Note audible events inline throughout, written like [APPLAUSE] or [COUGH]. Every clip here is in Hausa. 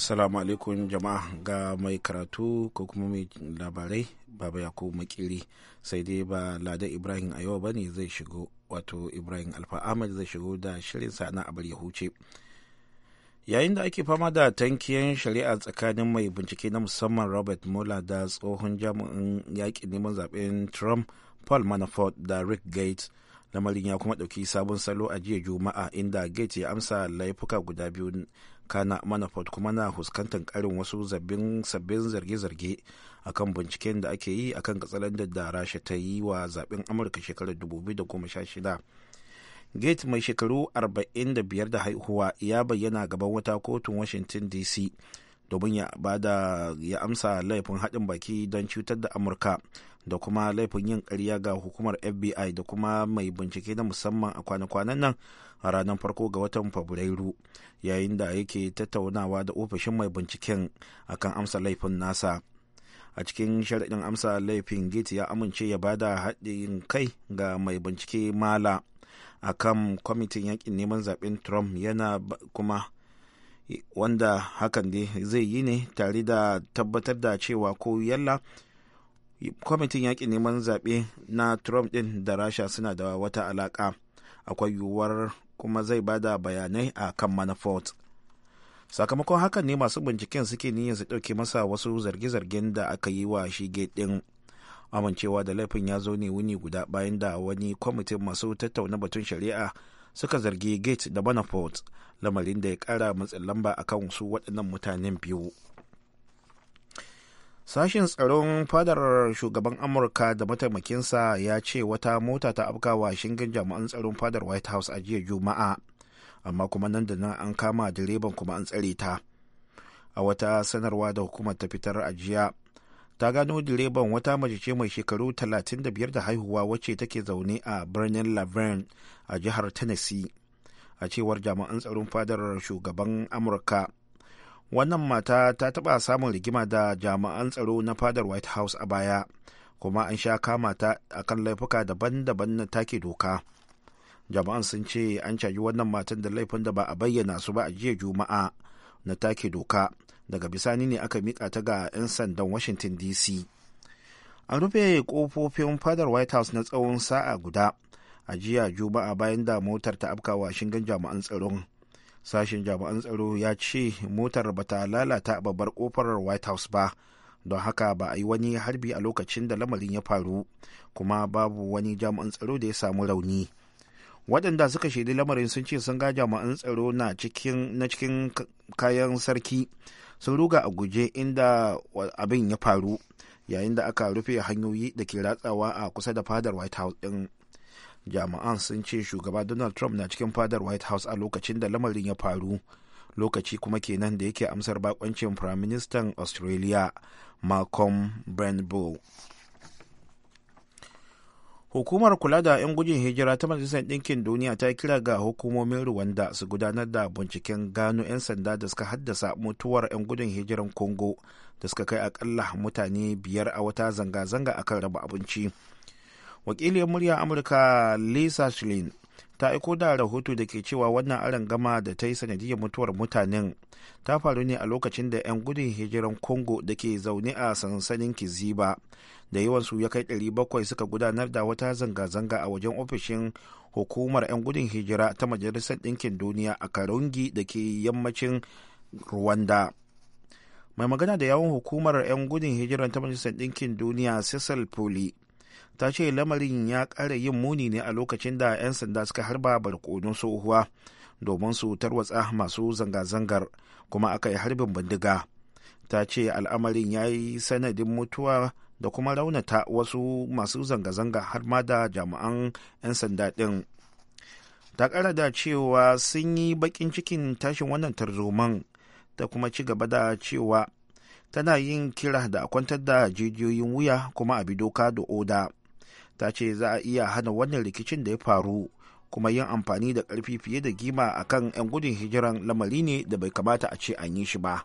assalamu alaikum jama'a ga mai karatu ko kuma mai labarai baba ko makiri sai dai ba lada ibrahim a yau bane zai shigo wato ibrahim alfa ahmad zai shigo da shirin sa na abar ya yayin da ake fama da tankiyan shari'a tsakanin mai bincike na musamman robert mola da tsohon jami'in yakin neman zaben trump paul manafort da rick gates lamarin ya kuma ɗauki sabon salo a jiya juma'a inda gates ya amsa laifuka guda biyu kana manafort kuma na fuskantar karin wasu sabbin zarge-zarge akan binciken da ake yi akan katsalandar da rasha ta yi wa zaben amurka shekarar 2016 gate mai shekaru 45 da haihuwa ya bayyana gaban wata kotun washington dc domin bada ya amsa laifin haɗin baki don cutar da amurka da kuma laifin yin ƙarya ga hukumar fbi da kuma mai bincike na musamman a kwana-kwanan nan a ranar farko ga watan fabrairu yayin da yake tattaunawa da ofishin mai binciken akan amsa laifin nasa a cikin sharaɗin amsa laifin gate ya amince ya bada haɗin kai ga mai bincike mala a kan kwamitin yakin neman zaɓen trump yana kuma wanda hakan zai yi ne tare da tabbatar da cewa ko yalla kwamitin yakin neman zaɓe na trump ɗin da rasha suna da wata alaƙa akwai yiwuwar kuma zai bada bayanai a kan manafort sakamakon haka ne masu binciken suke niyyar su ɗauke masa wasu zarge-zargen da aka yi wa shi ɗin amincewa da laifin ya zo ne wuni guda bayan da wani kwamitin masu tattauna batun shari'a suka zargi gate da manafort lamarin da ya ƙara matsin lamba akan su waɗannan mutanen biyu. Sashen tsaron fadar shugaban Amurka da mataimakinsa ya ce wata mota ta wa shingen jami'an tsaron fadar White House a jiya Juma'a, amma kuma nan da nan an kama direban kuma an tsare ta. A wata sanarwa da hukumar ta fitar a jiya, ta gano direban wata mace ce mai shekaru 35 da haihuwa wacce take zaune a birnin Laverne a jihar Tennessee. A cewar jami'an tsaron fadar shugaban Amurka, wannan mata ta taɓa samun rigima da jami'an tsaro na fadar white house a baya kuma an sha kama ta kan laifuka daban-daban na take doka jama'an sun ce an caji wannan matan da laifin da ba a bayyana su ba a jiya juma'a na take doka daga bisani ne aka mika ta ga 'yan sandan washington dc an rufe kofofin fadar white house na tsawon sa'a guda a jiya juma'a bayan da motar ta afkawa shingen jami'an tsaron sashen jami'an tsaro ya ce motar ba ta lalata babbar kofar white house ba don haka ba a yi wani harbi a lokacin da lamarin ya faru kuma babu wani jami'an tsaro da ya samu rauni waɗanda suka shaidi lamarin sun ce sun ga jami'an tsaro na cikin kayan sarki sun ruga a guje inda abin ya faru yayin da aka rufe hanyoyi da ke ratsawa a kusa da fadar white house ɗin jami'an sun ce shugaba donald trump na cikin fadar white house a lokacin da lamarin ya faru lokaci kuma kenan da yake amsar bakoncin prime minister australia malcolm brandbow hukumar kula da 'yan gujin hijira ta majalisar ɗinkin duniya ta kira ga hukumomin rwanda su gudanar da binciken gano 'yan sanda da suka haddasa mutuwar 'yan gudun hijiran congo da suka kai akalla mutane biyar a wata zanga-zanga akan raba abinci. wakiliyar murya amurka lisa schlin ta aiko da rahoto da ke cewa wannan aron gama da ta yi sanadiyar mutuwar mutanen ta faru ne a lokacin da 'yan gudun hijiran congo da ke zaune a sansanin kiziba da yawansu ya kai 700 suka gudanar da wata zanga-zanga a wajen ofishin hukumar 'yan gudun hijira ta majalisar ɗinkin duniya a karungi da ke yammacin rwanda mai magana da yawon hukumar 'yan gudun hijira ta majalisar ɗinkin duniya cecil poli ta ce lamarin ya kara yin muni ne a lokacin da 'yan sanda suka harba barkonon tsohuwa domin su tarwatsa masu zanga-zangar kuma aka yi harbin bindiga ta ce al'amarin ya yi sanadin mutuwa da kuma raunata wasu masu zanga-zanga har ma da jami'an 'yan sanda ɗin ta ƙara da cewa sun yi baƙin cikin tashin wannan tarzoman ta kuma ci gaba da cewa tana yin kira da a kwantar da jijiyoyin wuya kuma a bi doka da oda ta ce za a iya hana wannan rikicin da ya faru kuma yin amfani da ƙarfi fiye da gima akan 'yan gudun hijiran lamari ne da bai kamata a ce an yi shi ba.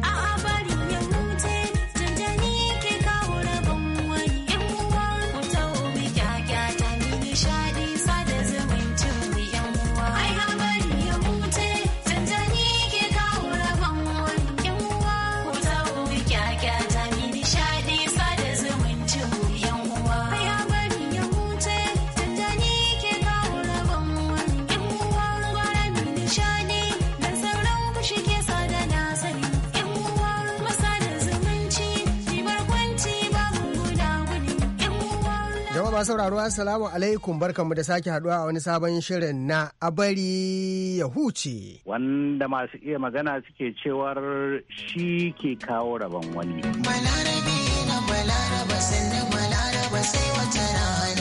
sauraro assalamu alaikum barkanmu da sake haduwa a wani sabon shirin na abari ya huce. Wanda masu iya magana suke cewar shi ke kawo rabon wani. sai wata rana.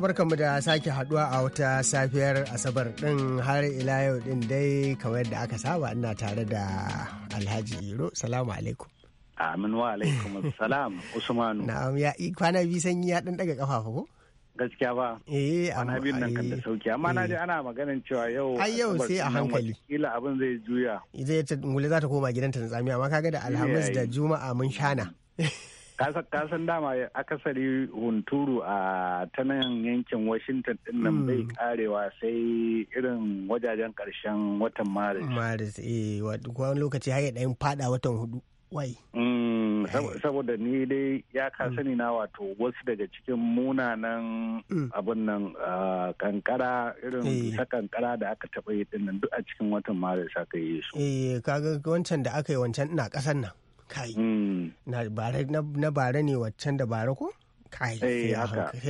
barkanmu da sake haduwa a wata safiyar asabar din har ila yau din dai kamar yadda aka saba ina tare da alhaji iro salamu alaikum amin wa alaikum [LAUGHS] salam usmanu na'am ya kwana biyu sanyi ya dan daga kafafu ko gaskiya ba eh ana bin nan kan da sauki amma na eh. ji ana maganin cewa yau ai yau sai a hankali kila abin zai juya zai ta ngule za ta koma gidanta na tsamiya amma kaga da alhamis da juma'a mun shana [LAUGHS] ka san dama akasari hunturu a ta nan yankin washington din nan bai hmm. karewa sai irin wajajen karshen watan maris maris eh wani lokaci har dayan fada watan hudu wai hmm, saboda ni dai ya ka hmm. sani na wato wasu daga cikin munanan abin nan kankara irin eh. ta kankara da aka taɓa yi dinnan duk a cikin watan maris aka yi su eh kaga wancan da aka yi wancan ina kasan nan kai mm. na bare ne waccan da bare ko kai eh, sai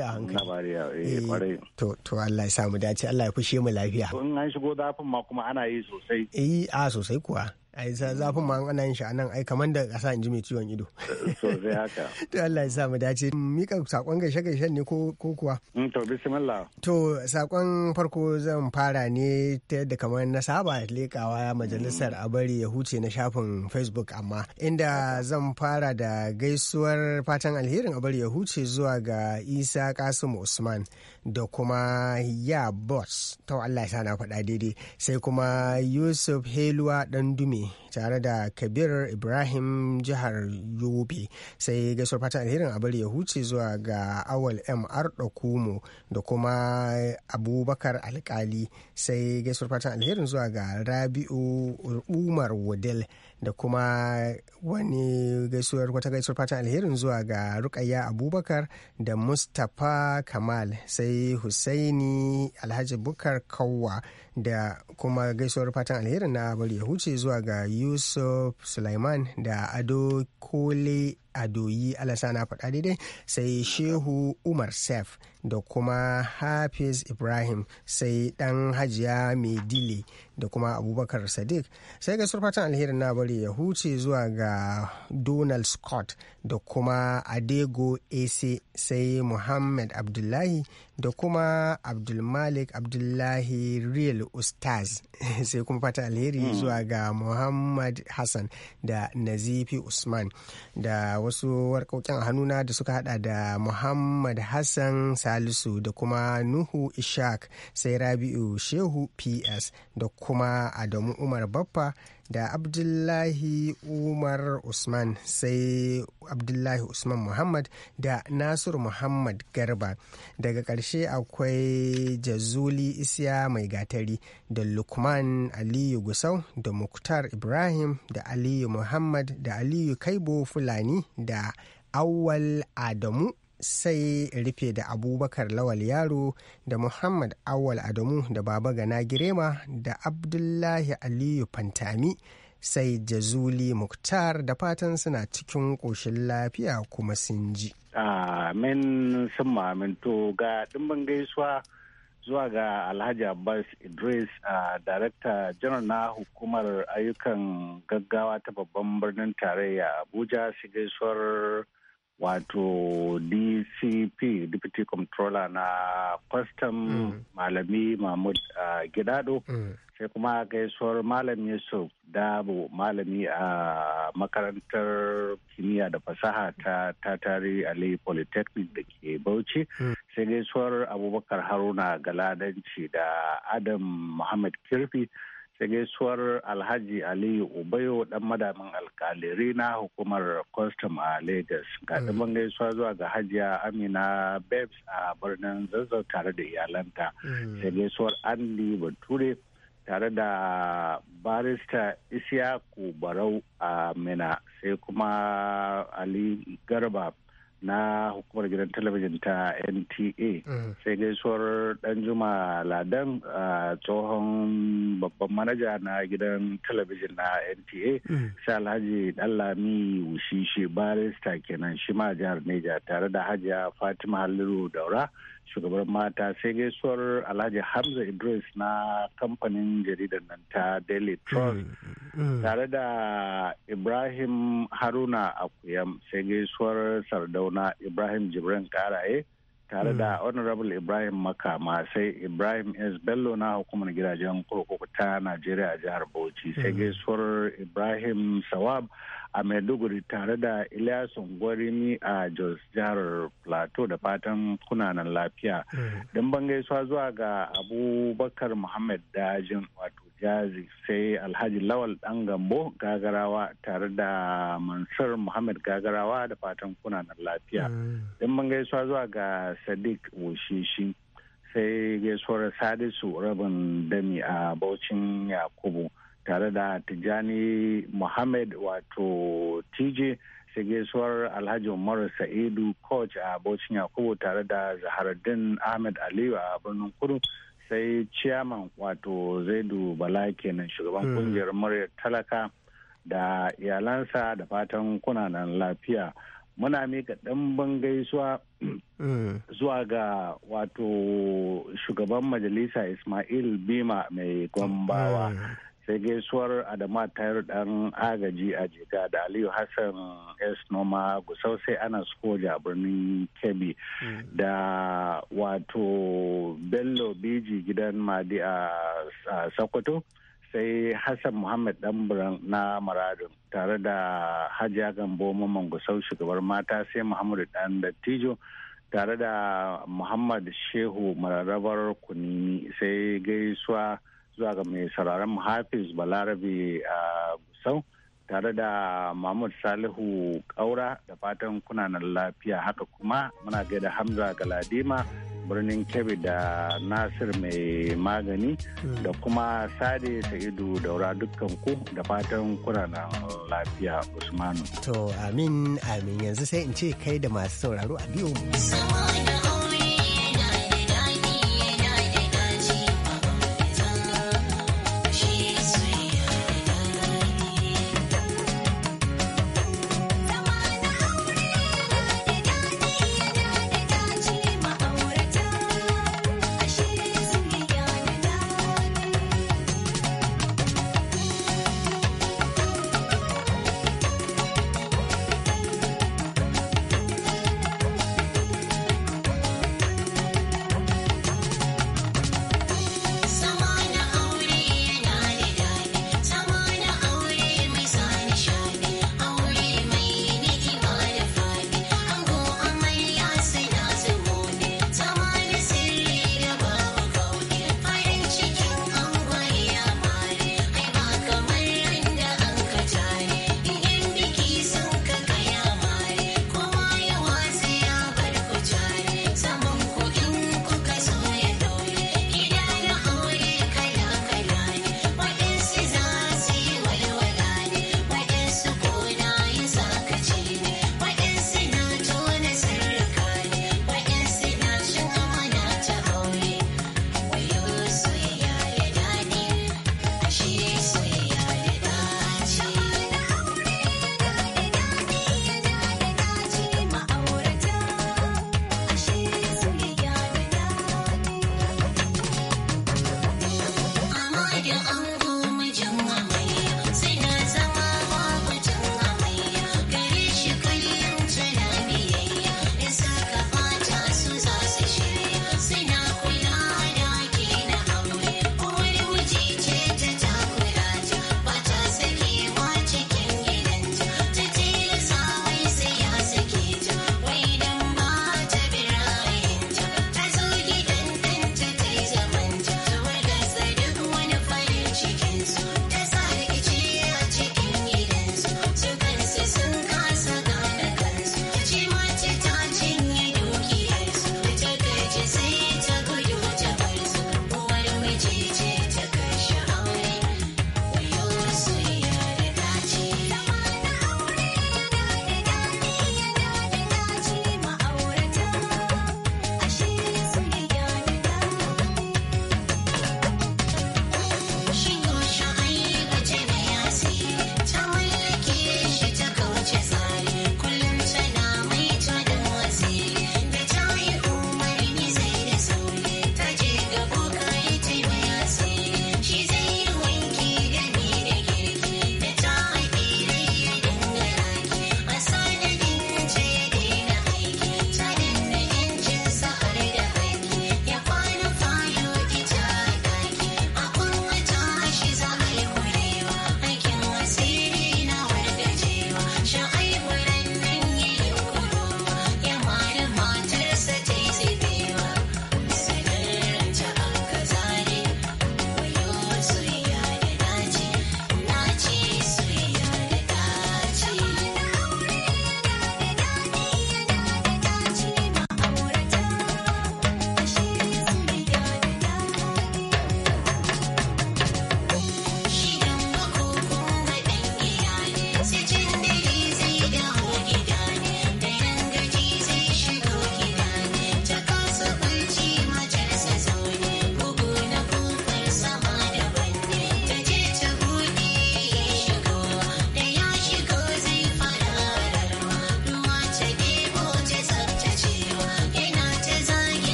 a hankali eh, eh, to to Allah ya samu dace Allah ya fushe mu lafiya in an shigo zafin ma kuma ana yi sosai eh a sosai kuwa ai zafin ma ana yin shi anan ai kamar da kasa in ji mai ciwon ido [LAUGHS] sosai haka [LAUGHS] to Allah ya sa mu dace mika sakon gaishe gaishen ne ko kuwa mm, to bismillah to sakon farko zan fara ne ta yadda kamar na saba lekawa majalisar mm. a bari ya huce na shafin Facebook amma inda zan fara da gaisuwar fatan alherin a bari ya huce zuwa ga Isa Kasim Usman da kuma ya boss to Allah ya sa na faɗa daidai sai kuma Yusuf Heluwa dan dume tare da Kabir Ibrahim jihar Yobe sai gaisuwar fatan alherin a ya huce zuwa ga Awal MR Dokumo da kuma Abubakar Alkali sai gaisuwar fatan alherin zuwa ga Rabi'u Umar Wadel da kuma wani gaisuwar wata gaisuwar fatan alherin zuwa ga Rukayya Abubakar da Mustapha Kamal sai Husaini Alhaji Bukar Kawwa da kuma gaisuwar fatan alherin na bari ya huce zuwa ga yusuf sulaiman da ado kole adoyi alasa na faɗa daidai sai shehu umar sef da kuma hafiz ibrahim sai dan hajiya medile da kuma abubakar sadiq sai gaisuwar fatan alherin na bari ya huce zuwa ga donald scott da kuma adego ese sai muhammad abdullahi da kuma abdulmalik abdullahi real ustaz [LAUGHS] sai kuma fata alheri hmm. zuwa ga muhammad hassan da nazifi usman da wasu warkokin hannuna da suka hada da muhammad hassan salisu da kuma nuhu ishaq sai rabi'u shehu ps da kuma adamu umar baffa da abdullahi umar usman sai abdullahi usman muhammad da nasiru muhammad garba daga ƙarshe akwai jazuli isya mai gatari da lukman aliyu gusau da muktar ibrahim da aliyu muhammad da aliyu kaibo fulani da awal adamu sai rufe da abubakar lawal yaro da muhammad awal adamu da baba gana girema da abdullahi aliyu fantami sai jazuli muktar da fatan suna cikin ƙoshin lafiya kuma sun ji. amin sun ma'aminto ga dimbin gaisuwa zuwa ga alhaji abbas idris a darakta janar na hukumar ayyukan gaggawa ta babban birnin tarayya abuja su gaisuwar wato dcp deputy comptroller na custom mm. malami mahmud uh, gidado mm. sai kuma gaisuwar malam yusuf dabo malami a makarantar kimiyya da fasaha ta tatari ali polytechnic da ke bauchi mm. sai gaisuwar abubakar haruna galadanci da adam muhammad kirfi sai gaisuwar alhaji aliyu ubayo dan madamin alkaliri na hukumar kwastam a lagos ga mm. gaisuwa zuwa ga hajiya amina babes a birnin zazzau tare da iyalanta mm. sai gaisuwar andy bature tare da barista isiyaku barau a mina sai kuma ali garba na hukumar gidan talabijin ta nta mm. sai gaisuwar dan juma ladan tsohon babban manaja na gidan talabijin na nta mm. sai alhaji dallami wushishi barista kenan shi ma jihar neja tare da hajiya fatima halliru daura shugabar mata sai gaisuwar alhaji hamza idris na kamfanin jaridar nan ta daily trust mm, mm, mm. tare da ibrahim haruna akuyam sai gaisuwar sardauna ibrahim jibrin karaye tare da mm. honorable ibrahim makama sai ibrahim s bello na hukumar gidajen kurkuku ta najeriya a jihar bauchi sai mm. gaisuwar ibrahim sawab a maiduguri tare da ilyasun gwarimi a jos jihar plateau da fatan kunanan lafiya mm. don ban gaisuwa zuwa ga abubakar muhammad dajin wato gazi sai alhaji lawal dan gambo gagarawa tare da mansur muhammad gagarawa da fatan kuna lafiya mm. don mun gaisuwa zuwa ga sadiq wushishi sai gaisuwar sadisu rabin dami a baucin yakubu tare da tijani muhammad wato tj sai gaisuwar alhaji umar sa'idu koch a baucin yakubu tare da zaharuddin ahmed aliyu a birnin kudu sai ciyaman wato zaidu bala kenan shugaban hmm. kungiyar muryar talaka da iyalansa da fatan kunanan lafiya muna mika ɗimbin gaisuwa hmm. zuwa ga wato shugaban majalisa ismail bima mai gombawa hmm. sai gaisuwar adama tayar dan agaji a jita da aliyu hassan s noma gusau sai ana skoja a birnin kebbi mm. da wato bello biji gidan madi a sokoto sai hassan muhammad danburan na maradin tare da hajiya gambo mamman gusau shugabar mata sai muhammadu dan dattijo tare da muhammad shehu mararrabar kuni sai gaisuwa zuwa ga mai sauraron hafiz balarabe a busau tare da mahmud salihu kaura da fatan kuna nan lafiya haka kuma muna gaida hamza galadima birnin kebe da nasir mai magani da kuma sade sa'idu daura dukkan ku da fatan kuna nan lafiya usmanu to amin amin yanzu sai in ce kai da masu sauraro a biyu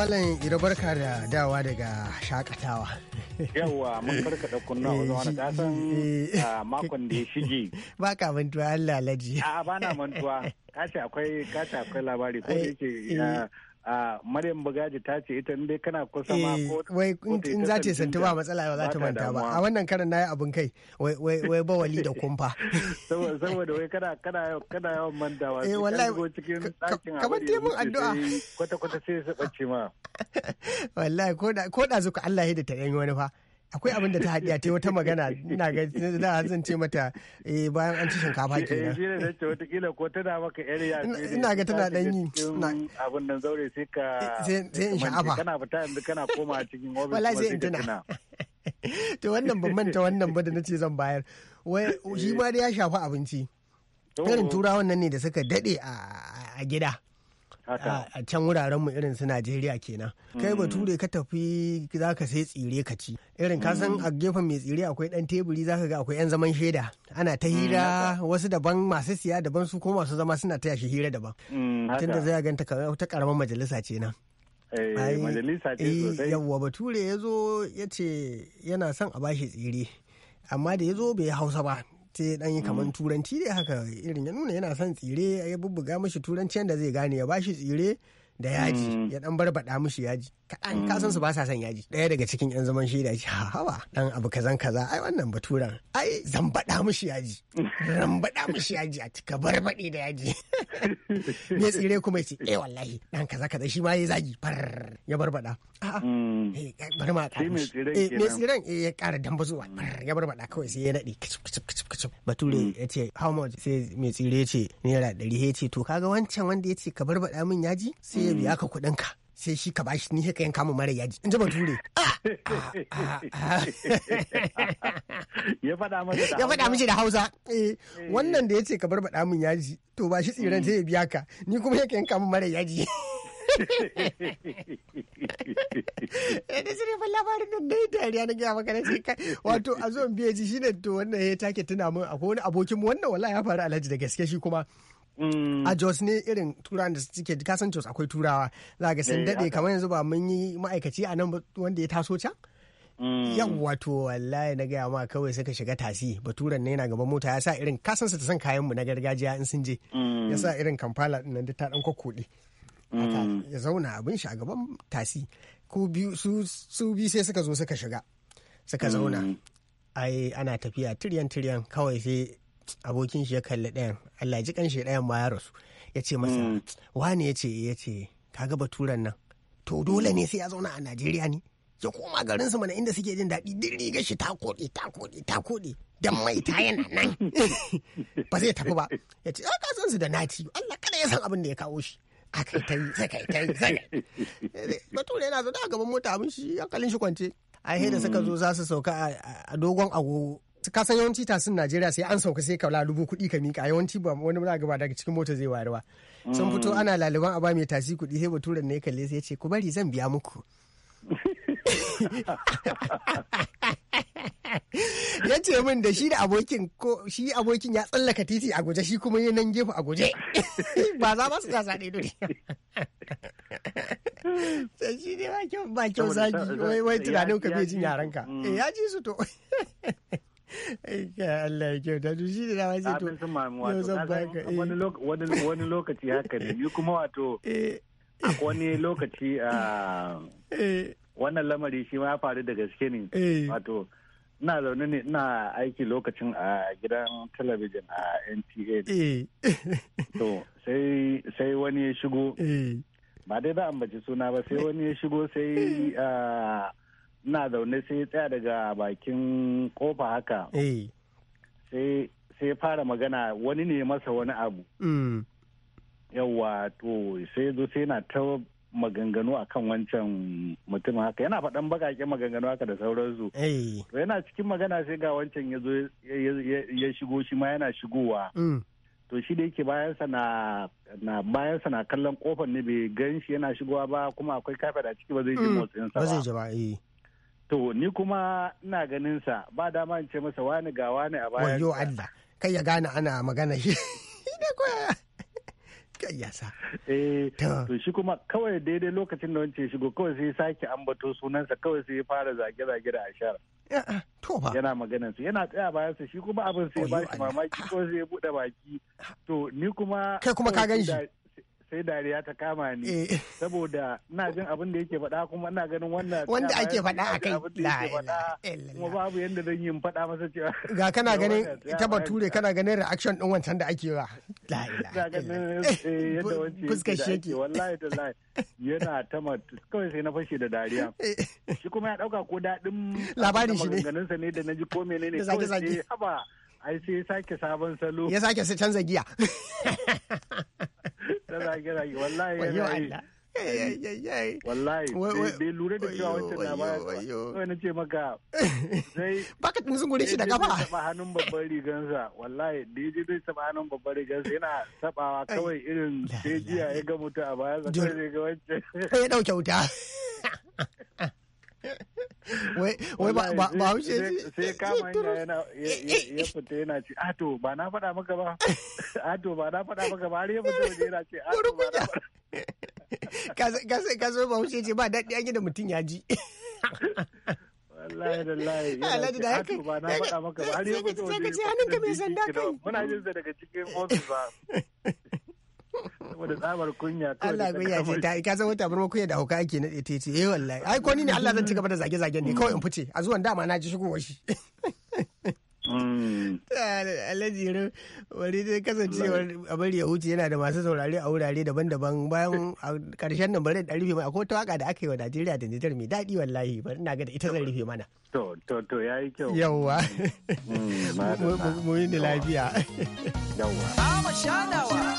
Malam iro barka da dawa daga shakatawa. Yawwa mun karkada kunna wani wani kasan eh, eh. ah, makon da ya shige. Ba ka mantuwa Allah laji. A'a ba na mantuwa. Kashi akwai akwai labari ko yake eh. ah, a Maryam Bagaji ta ce ita in dai kana kusa ma eh, ko wai in za ta santi ba matsala ba za ta manta ba a wannan karan nayi abin kai wai wai bawali da kumfa [LAUGHS] saboda wai kana kana kana yawan mantawa eh wallahi ko cikin dakin kamar te mun addu'a kwata kwata sai su bace ma [LAUGHS] wallahi ko da ko da zuka Allah ya da ta yanyi wani fa akwai abin da ta haɗiya ta wata magana na ga da zan ce mata eh, bayan an ci shinkafa eh, kenan eh shi wata kila ko tana maka area ina ga tana dan yi abin nan zaure sai ka eh, sai in sha'afa kana fita yanzu kana koma cikin office Wala sai in tuna [LAUGHS] to wannan ban manta wannan ba da na ce zan bayar wai shi ma da ya shafi abinci irin oh. turawan nan ne da suka dade a gida a can wuraren mu irin su Najeriya kenan kai mm. bature ka tafi zaka sai tsire ka ci irin ka san mm. a gefen mai tsire akwai dan teburi zaka ga akwai yan zaman shaida ana ta hira mm, wasu daban masu siya daban su ko masu zama suna taya shi hira daban Tun da zai ganta ta karamar majalisa ce nan eh, majalisa ce eh, sosai yawwa bature ya zo ya ce yana son a bashi tsire amma da ya zo bai hausa ba sai dan yi kaman mm. turanci dai haka irin ya nuna yana son tsire ya bubbuga mashi turanci yadda zai gane ya bashi tsire da yaji hmm. ya dan barbada mushi yaji Ka san hmm. su ba sa son yaji Daya daga cikin yan zaman shi da ha hawa dan abu kazan kaza ai wannan baturan ai bada mushi yaji bada mushi yaji a bar barbaɗe da yaji ne [LAUGHS] tsire kuma yace eh wallahi dan kaza kaza shi ma yayi zagi far ya barbada a'a hmm. eh, bar ma ƙara Me ne tsiren eh, eh, ya ƙara dambazuwa far ya barbada kawai sai ya nade kicip kicip kicip kicip bature ya ce how much sai me tsire ce naira 100 ya ce to kaga wancan wanda ya ce ka barbada min yaji sai zai biya ka kuɗin ka sai shi ka bashi ni ka yanka mu mara yaji in ji bature ah, ah, ah, ya faɗa mishi da hausa eh, eh. wannan da ya ce ka bar baɗa mun yaji to ba shi tsiran sai ya biya ka ni kuma ya yanka mu mara yaji [LAUGHS] eh, da sirri fa labarin nan dai dariya na gaya maka nace kai wato a zo biye ji shine to wannan ya take tuna min akwai wani abokin mu wannan wallahi ya faru alhaji da gaske shi kuma Mm. a Jos ne irin turawan da suke ka san Jos akwai turawa za ga sun eh, daɗe kamar yanzu ba mun yi ma'aikaci a nan wanda ya taso can mm. yan wato wallahi na gaya ma kawai suka shiga tasi baturan ne na gaban mota ya sa irin kasansa ta san kayan mu na gargajiya in sun je mm. ya sa irin kamfala din da ta dan kokkoɗe ya zauna abin shi a gaban tasi ku biyu su bi sai suka zo suka shiga suka zauna ai ana tafiya tiryan tiryan kawai sai abokin shi ya kalli ɗayan Allah ji kanshi ɗayan ma ya rasu ya ce masa mm. wani ya ce ya ce kaga baturan nan to dole ne sai ya zauna a Najeriya ne ya koma garin su mana inda suke jin daɗi duk riga shi ta koɗe ta koɗe ta koɗe dan mai ta yana nan [LAUGHS] ba zai tafi ba ya ce ah, ka san su da nati Allah kada ya san abin da ya kawo shi aka ta yi sai kai ta yi [LAUGHS] bature yana zo da gaban mota abin shi hankalin shi kwance a da suka zo za su sauka a dogon agogo ka san yawanci tasin Najeriya sai an sauka sai ka lalubu kuɗi ka mika yawanci ba wani ba gaba daga cikin mota zai wayarwa sun fito mm. ana laliban a ba mai tasi kuɗi sai na ne kalle sai ya ce ku bari zan biya muku ya ce min da shi da abokin ko shi abokin ya tsallaka titi a guje shi kuma yi nan gefe a guje ba za ba su gasa ɗaya dole ta shi ne ba kyau ba kyau wai tunanin ka bai jin yaranka mm. eh, ya ji su to ka Allah ya kyauta to shi da na sai to. Yau zan baka. Eh. Wani lokaci haka ne ni kuma wato. Eh. Akwai wani lokaci ah, eh. wannan lamari shi ma ya faru da gaske ne. Wato ina zaune ne ina aiki lokacin a gidan talabijin a NTA. To sai wani ya shigo. Ba dai ba an ambaci suna ba sai wani ya shigo sai ah, ina zaune sai ya tsaya daga bakin kofa haka eh. sai ya fara magana wani ne masa wani abu mm. yawa to sai zo sai na ta maganganu a kan wancan mutum haka yana faɗan bakaƙen maganganu haka da sauransu eh. to yana cikin magana sai ga wancan ya zo ya shigo shi ma yana shigowa mm. to shi da yake bayansa na na kallon kofar ne bai gan shi yana shigowa ba kuma akwai kafet a ciki ba zai ji mm. motsinsa ba eh. to ni kuma ina ganin sa ba dama in ce masa wani ga wani a baya wayo Allah kai ya gane ana magana shi ne koya sa. Eh, to shi kuma kawai daidai lokacin da wancan shigo kawai sai sake ambato sunansa kawai sai fara zage-zage da ashar. To ba. Yana maganan su yana tsaya bayan sa shi kuma abin sai ba shi mamaki ko sai bude baki. Ah. To ni kuma. Kai kuma ka gan shi. sai dariya ta kama ni eh. saboda ina jin abin da yake faɗa kuma ina ganin wannan wanda ake faɗa a kai kuma babu yadda zan yi faɗa masa cewa [LAUGHS] ga kana [LAUGHS] ganin ta bature kana ganin reaction din wancan da ake wa la eh, [LAUGHS] fuskar sheki wallahi yana ta shi ko dadin labarin shi ne da naji ko menene ai sai sake sabon salo ya sake canza giya Yana yana wallahi yana wallahi bai lura da cewa wancan na baya kawai na ce maka sai [LAUGHS] baka tun sun shi da kafa taba hannun babban rigansa wallahi da yaje zai taba hannun babban rigansa yana tabawa kawai irin sai jiya ya ga mutu a baya sai ya ga wancan sai ya dauke wuta [LAUGHS] wai wai ba ba ba ji sai kama yana ya eh, eh, eh. fita yana ce a to ba na faɗa maka ba a to ba na faɗa maka ba har ya fita yana ce a to ba na ka sai ka sai ba wuce ji ba daɗi an gida mutum ya ji wallahi wallahi ya yana ce a to ba na faɗa maka ba har ya fita waje sai ka ce hannunka mai sanda kai muna jin sa daga cikin ofis ba [LAUGHS] saboda tsabar kunya Allah kunya ce ta ka san wata barma kunya da hauka ake nade ta ce eh wallahi ai ko ni ne Allah zan ci gaba da zage zagen ne kawai in fice a zuwan dama na ji shigowar shi mm. [LAUGHS] Alhaji wani zai a bari ya huce yana da masu saurare a wurare daban-daban bayan karshen nan bari da rufe mai akwai waka da aka yi wa Najeriya da Nijar mai daɗi wallahi bari ina ga da ita zan rufe mana. To to to yi kyau. Yawwa. Mm. Mm, [LAUGHS] mu yi lafiya. Yawwa. Ba shanawa.